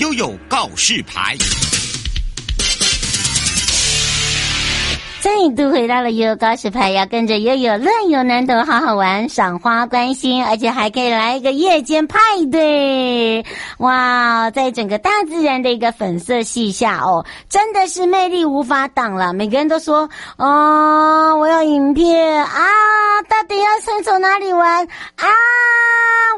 悠悠告示牌，再一度回到了悠悠告示牌，要跟着悠悠樂遊南投，好好玩，賞花觀星，而且還可以來一個夜間派對，哇，在整個大自然的一個粉色系下哦，真的是魅力無法擋了。每個人都說哦，我要影片啊，到底要先從哪裡玩啊？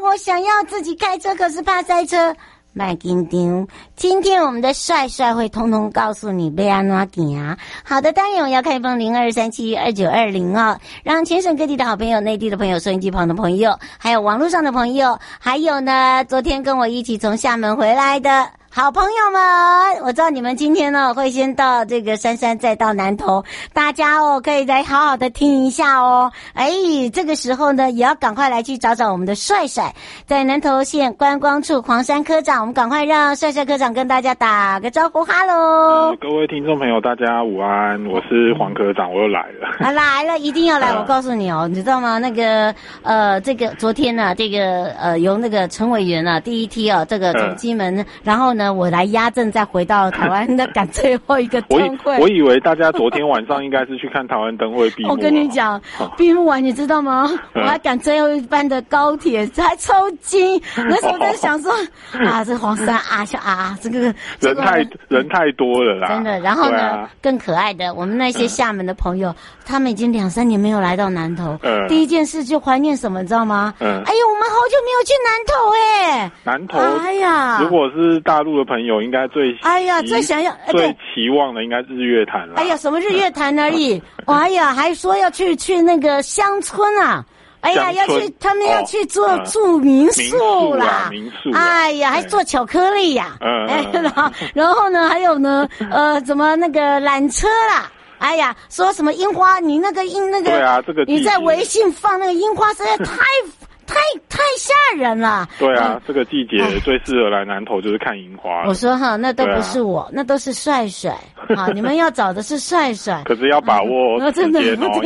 我想要自己開車，可是怕塞車。麥金章，今天我們的帥帥會通通告訴你要安怎行啊。好的，當然我要開封零二三七二九二零哦，讓全省各地的好朋友、內地的朋友、收音機旁的朋友，還有網絡上的朋友，還有呢，昨天跟我一起從廈門回來的。好朋友們，我知道你們今天呢、哦、會先到這個山山，再到南投，大家哦可以來好好的聽一下哦。哎，這個時候呢也要趕快來去找找我們的帥帥，在南投縣觀光處黃山科長，我們趕快讓帥帥科長跟大家打個招呼，哈嘍、呃！各位聽眾朋友，大家午安，我是黃科長，我又來了，啊、來了一定要來，我告訴你哦，呃、你知道嗎？那個呃，這個昨天呢、啊，這個呃由那個陳委員啊，第一梯哦、啊，這個從金門、呃，然後呢。我來壓陣，再回到台灣，那趕最後一個燈會。我以為大家昨天晚上應該是去看台灣燈會閉幕。我跟你講，閉、哦、幕完你知道嗎？我還趕最後一班的高鐵，還抽筋。那時候在想說、哦、啊，這黃山、嗯、啊，小啊、這個，這個人,人太人太多了啦。真的，然後呢，啊、更可愛的我們那些廈門的朋友，嗯、他們已經兩三年沒有來到南投、嗯，第一件事就懷念什麼，知道嗎？嗯。哎呦，我們好久沒有去南投哎、欸。南投。哎呀，如果是大陸。朋友應該最哎呀，最想要，最期望的應該是日月潭了。哎呀，什麼日月潭而已。嗯嗯哦、哎呀，還說要去去那個鄉村啊村。哎呀，要去他們要去做、嗯、住民宿啦。民宿、啊民宿啊，哎呀，還做巧克力呀、啊嗯。哎，然後然後呢，還有呢？ 呃，怎麼那個纜車啦？哎呀，說什麼櫻花？你那個櫻那個？對啊，這個你在微信放那個櫻花實在、嗯、太。太太嚇人了！對啊，啊這個季節最適合來南投就是看櫻花。我說哈，那都不是我，啊、那都是帥帥。好， 你們要找的是帥帥。可是要把握這個哦，應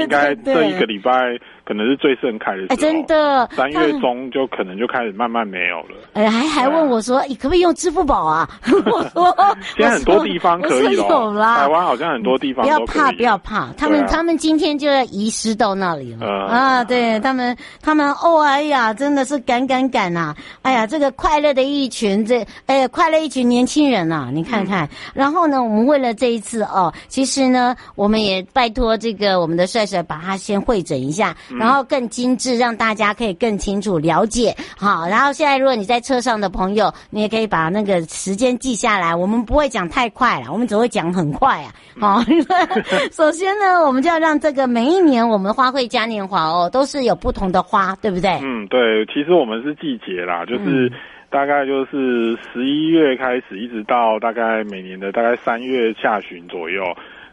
該這一個禮拜。可能是最盛開的時候，欸、真的三月中就可能就開始慢慢沒有了。哎，還、欸、還問我說、啊，可不可以用支付寶啊？ 我，我 現在很多地方可以有啦。台灣好像很多地方，不要怕，不要怕，他們、啊、他們今天就要移師到那裡了、呃、啊！對他們，他們哦、喔，哎呀，真的是趕趕趕吶！哎呀，這個快樂的一群，這哎呀、欸，快樂一群年輕人吶、啊，你看看、嗯。然後呢，我們為了這一次哦、喔，其實呢，我們也拜託、這個嗯、這個我們的帥帥把他先會診一下。然後更精緻，讓大家可以更清楚了解。好，然後現在如果你在車上的朋友，你也可以把那個時間記下來。我們不會講太快啦，我們只會講很快啊。好， 首先呢，我們就要讓這個每一年我們花卉嘉年華哦，都是有不同的花，對不對？嗯，對，其實我們是季節啦，就是大概就是十一月開始，一直到大概每年的大概三月下旬左右。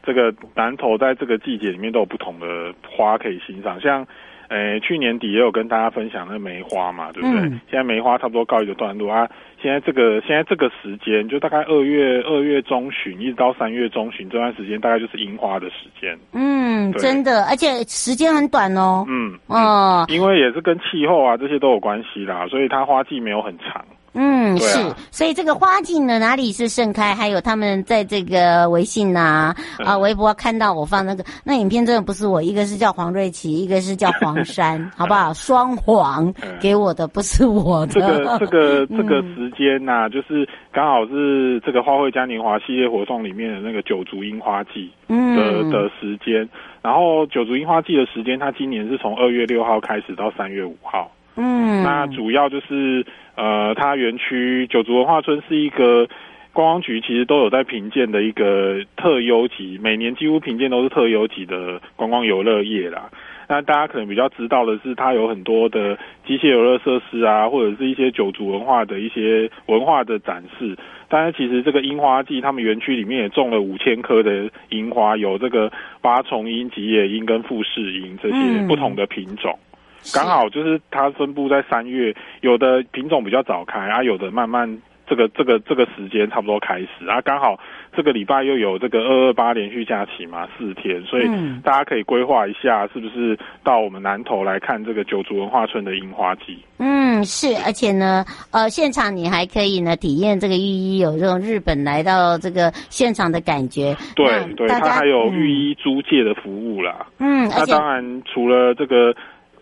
這個南投在這個季節裡面都有不同的花可以欣賞，像，呃，去年底也有跟大家分享那梅花嘛，對不對？嗯、現在梅花差不多告一個段落啊。現在這個現在這個時間就大概二月，二月中旬一直到三月中旬這段時間，大概就是櫻花的時間。嗯，真的，而且時間很短哦。嗯，啊、嗯哦、因為也是跟氣候啊這些都有關係啦，所以它花季沒有很長。嗯、啊，是，所以這個花季呢，哪裡是盛開？還有他們在這個微信吶啊,、嗯、啊微博看到我放那個那影片，真的不是我，一個是叫黃瑞琪，一個是叫黃山， 好不好？雙黃、嗯、給我的不是我的。這個這個這個時間吶、啊嗯，就是剛好是這個花卉嘉年華系列活動裡面的那個九族櫻花季的、嗯、的時間。然後九族櫻花季的時間，它今年是從二月六號開始到三月五號。嗯，那主要就是。呃，它園區九族文化村是一個觀光局其實都有在評鑑的一個特優級，每年幾乎評鑑都是特優級的觀光遊樂業啦。那大家可能比較知道的是，它有很多的機械遊樂設施啊，或者是一些九族文化的一些文化的展示。但是其實這個櫻花季，他們園區裡面也種了五千棵的櫻花，有這個八重櫻、吉野櫻跟富士櫻這些不同的品種。嗯剛好就是它分布在三月，有的品種比較早開啊，有的慢慢這個這個這個時間差不多開始啊。剛好這個禮拜又有這個二二八連續假期嘛，四天，所以大家可以規劃一下，是不是到我們南投來看這個九族文化村的櫻花季？嗯，是，而且呢，呃，現場你還可以呢體驗這個浴衣，有這種日本來到這個現場的感覺。對對，它還有浴衣租借的服務啦。嗯，嗯，那當然除了這個。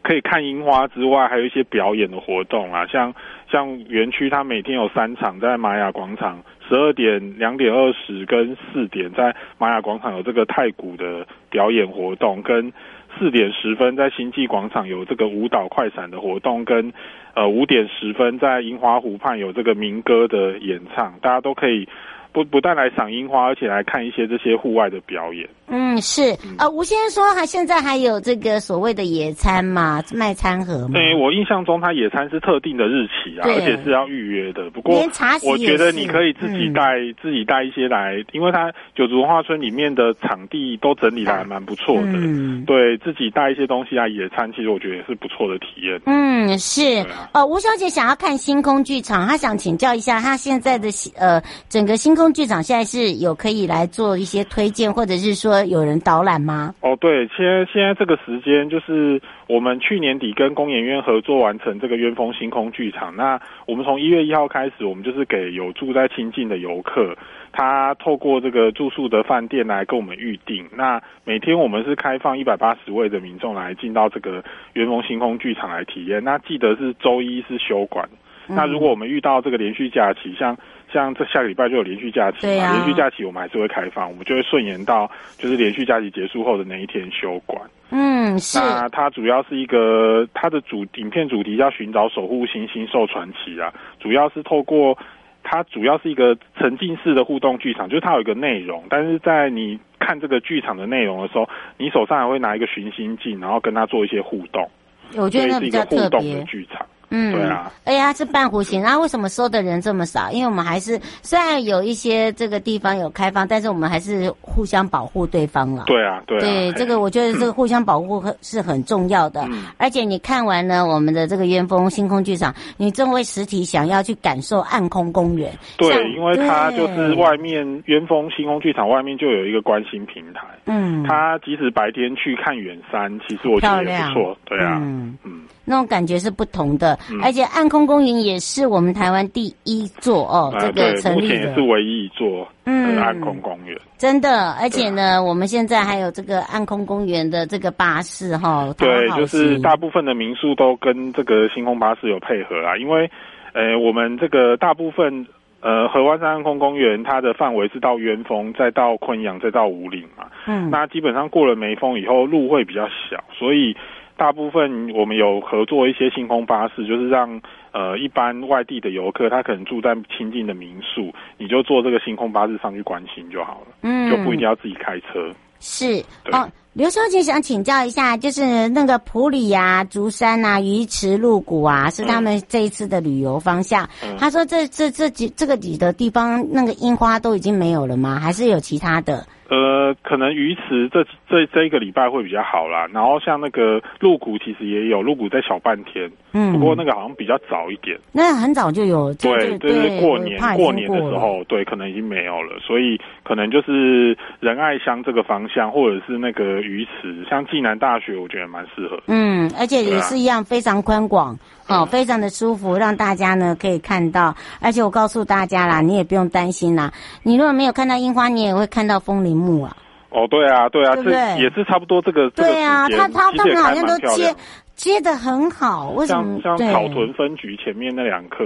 可以看櫻花之外，還有一些表演的活動啊，像像園區它每天有三場，在瑪雅廣場十二點、兩點二十跟四點，在瑪雅廣場有這個太鼓的表演活動，跟四點十分在星際廣場有這個舞蹈快閃的活動，跟呃五點十分在櫻花湖畔有這個民歌的演唱，大家都可以不不但來賞櫻花，而且來看一些這些戶外的表演。嗯。嗯，是呃，吳先生說他、啊、現在還有這個所謂的野餐嘛，賣餐盒嘛。對，我印象中，他野餐是特定的日期啊，而且是要預約的。不過，我覺得你可以自己帶、嗯，自己帶一些來，因為他九族文化村裡面的場地都整理的還蠻不錯的。嗯，對自己帶一些東西啊，野餐其實我覺得也是不錯的體驗。嗯，是、啊、呃，吳小姐想要看星空劇場，她想請教一下，她現在的呃，整個星空劇場現在是有可以來做一些推薦，或者是說有。有人導覽嗎？哦、oh，對，現在現在這個時間就是我們去年底跟工研院合作完成這個元豐星空劇場。那我們從一月一號開始，我們就是給有住在清境的遊客，他透過這個住宿的飯店來跟我們預定。那每天我們是開放一百八十位的民眾來進到這個元豐星空劇場來體驗。那記得是周一是休館、嗯。那如果我們遇到這個連續假期，像像這下個禮拜就有連續假期嘛，對啊，連續假期我們還是會開放，我們就會順延到就是連續假期結束後的那一天休館。嗯，是。那它主要是一個它的主影片主題叫《尋找守護行星獸傳奇》啊，主要是透過它主要是一個沉浸式的互動劇場，就是它有一個內容，但是在你看這個劇場的內容的時候，你手上還會拿一個尋星鏡，然後跟它做一些互動。我覺得那比較特別。所以是一個互動的劇場。嗯，對啊，哎呀，是半弧形。然、啊、後為什麼收的人這麼少？因為我們還是雖然有一些這個地方有開放，但是我們還是互相保護對方了。對啊，對啊。對，這個我覺得這個互相保護是很重要的。嗯、而且你看完呢，我們的這個鳶峰星空劇場，你正為實體想要去感受暗空公園。對，因為它就是外面鳶峰、嗯、星空劇場外面就有一個觀星平台。嗯。它即使白天去看遠山，其實我覺得也不錯。漂亮。對啊。嗯。嗯那種感覺是不同的，嗯、而且暗空公園也是我們台灣第一座哦，啊、這個成立目前也是唯一一座暗空公園、嗯嗯。真的，而且呢、啊，我們現在還有這個暗空公園的這個巴士哈、哦。對，就是大部分的民宿都跟這個星空巴士有配合啊，因為呃，我們這個大部分呃，合歡山暗空公園它的範圍是到元峰，再到昆陽，再到武嶺嘛。嗯。那基本上過了梅峰以後，路會比較小，所以。大部分我們有合作一些星空巴士，就是讓呃一般外地的遊客，他可能住在清境的民宿，你就坐這個星空巴士上去觀星就好了，嗯，就不一定要自己開車。是，哦，劉小姐想請教一下，就是那個埔里呀、啊、竹山啊、魚池、鹿谷啊，是他們這一次的旅遊方向。嗯嗯、他說這這這幾這個幾、這個、的地方，那個櫻花都已經沒有了嗎？還是有其他的？呃，可能魚池這這這一個禮拜會比較好啦。然後像那個鹿谷，其實也有鹿谷，在小半天，嗯，不過那個好像比較早一點。那很早就有，對對對，就是、過年過，過年的時候，對，可能已經沒有了。所以可能就是仁愛鄉這個方向，或者是那個魚池，像暨南大學，我覺得蠻適合。嗯，而且也是一樣，非常寬廣、啊，哦，非常的舒服，讓大家呢可以看到。而且我告訴大家啦，你也不用擔心啦，你如果沒有看到櫻花，你也會看到風鈴。啊！哦，對啊，對啊對對，這也是差不多這個。對啊，這個、對啊，他他上面還蠻漂亮，他們好像都接。.接的很好，為什麼？像，像草屯分局前面那兩棵，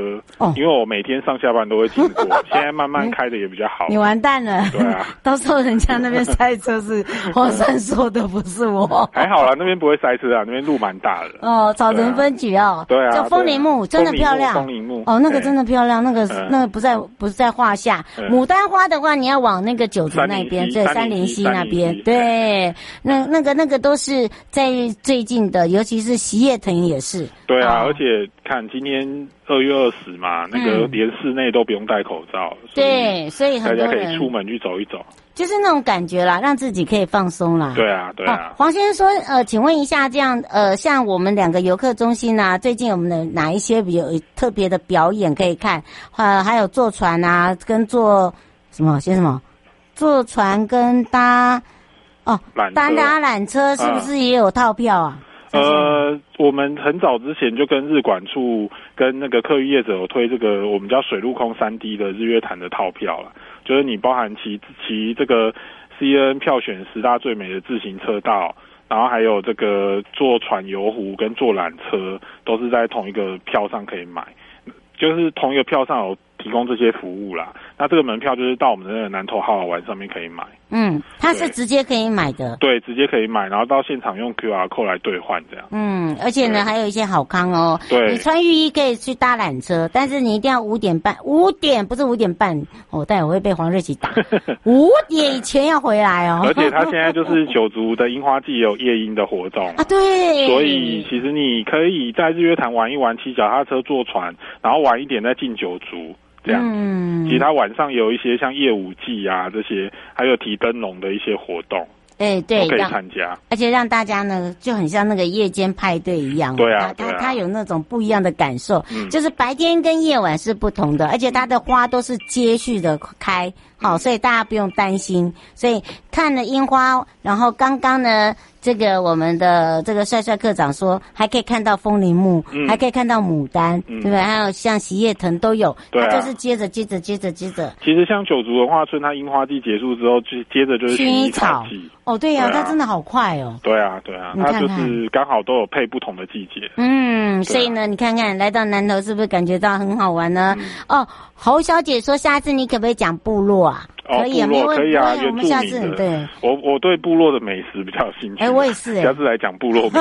因為我每天上下班都會經過，哦、現在慢慢開的也比較好，你完蛋了、啊，到時候人家那邊塞車是，黃山說的不是我。還好啦，那邊不會塞車啊，那邊路蠻大的。哦，草屯分局哦，對啊，叫風鈴木、啊啊，真的漂亮，風鈴木，風鈴木哦，那個真的漂亮，哎、那個那個不在、嗯、不在話下、哎。牡丹花的話，你要往那個九族那邊，對，杉林溪那邊，對，哎、那那個那個都是在最近的，尤其是。企業騰也是對啊、哦，而且看今天二月二十嘛、嗯，那個連室內都不用戴口罩，對，所以大家可以出門去走一走，就是那種感覺啦，讓自己可以放鬆啦。對啊，對啊、哦。黃先生說：“呃，請問一下，這樣呃，像我們兩個遊客中心啊，最近我們的哪一些比較特別的表演可以看？呃，還有坐船啊，跟坐什麼？先什麼坐船跟搭哦，單搭纜車是不是也有套票啊？”啊呃，我們很早之前就跟日管處、跟那個客運業者有推這個我們叫水陸空三 D 的日月潭的套票了，就是你包含騎騎這個 CNN 票選十大最美的自行車道，然後還有這個坐船遊湖跟坐纜車，都是在同一個票上可以買，就是同一個票上有提供這些服務啦。那這個門票就是到我們的那個南投好好玩上面可以買，嗯，它是直接可以買的對，對，直接可以買，然後到現場用 Q R code 來兌換這樣，嗯，而且呢還有一些好康哦，對，你穿浴衣可以去搭纜車，但是你一定要五點半，五點不是五點半哦，但也會被黃瑞琪打，五 點以前要回來哦，而且他現在就是九族的櫻花季有夜櫻的活動 啊，對，所以其實你可以在日月潭玩一玩，騎腳踏車、坐船，然後晚一點再進九族。這樣，其他晚上有一些像夜舞季啊這些，還有提燈籠的一些活動哎、欸、對，可以參加，而且讓大家呢就很像那個夜間派對一樣，對啊，他他，啊他有那種不一樣的感受，嗯，就是白天跟夜晚是不同的，而且它的花都是接續的開。嗯、開好、哦，所以大家不用擔心。所以看了櫻花，然後剛剛呢，這個我們的這個帥帥科長說，還可以看到風鈴木、嗯，還可以看到牡丹，嗯、對不對？還有像錫葉藤都有，它、嗯、就是接着、啊、接着接着接着。其實像九族文化村，它櫻花季結束之後，就接，接着就是薰衣草，草哦，對呀、啊，它、啊、真的好快哦。對啊，對啊，它、啊、就是剛好都有配不同的季節。嗯，啊、所以呢，你看看來到南投是不是感覺到很好玩呢？嗯、哦，侯小姐說，下次你可不可以講部落、啊？哦，可以啊，部落可以啊，沒問題。我們下次很對我，我我對部落的美食比較有興趣。哎，我也是、欸。下次來講部落美食、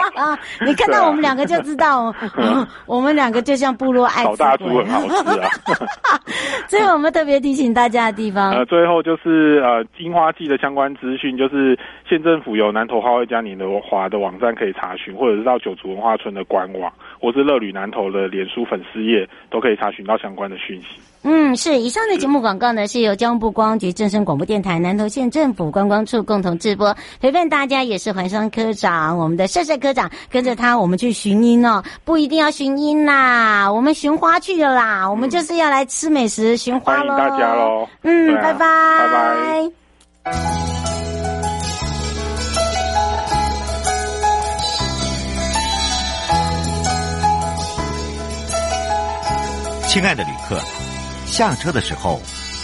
啊。你看到我們兩個就知道，啊、 呵呵我們兩個就像部落愛情。老大豬很好吃啊。最後我們特別提醒大家的地方、呃，最後就是呃，櫻花季的相關資訊，就是縣政府有南投花卉嘉年華的網站可以查詢，或者是到九族文化村的官網，或者是樂旅南投的臉書粉絲頁，都可以查詢到相關的訊息。嗯，是。以上的節目廣告呢，是由江博觀光局、正聲廣播電台、南投縣政府觀光處共同直播。陪伴大家也是黃山科長，我們的帥帥科長跟着他，我們去尋音哦，不一定要尋音啦，我們尋花去了啦，我們就是要來吃美食、尋花嘍。歡迎大家嘍！嗯、啊，拜拜，拜拜。親愛的旅客，下車的時候。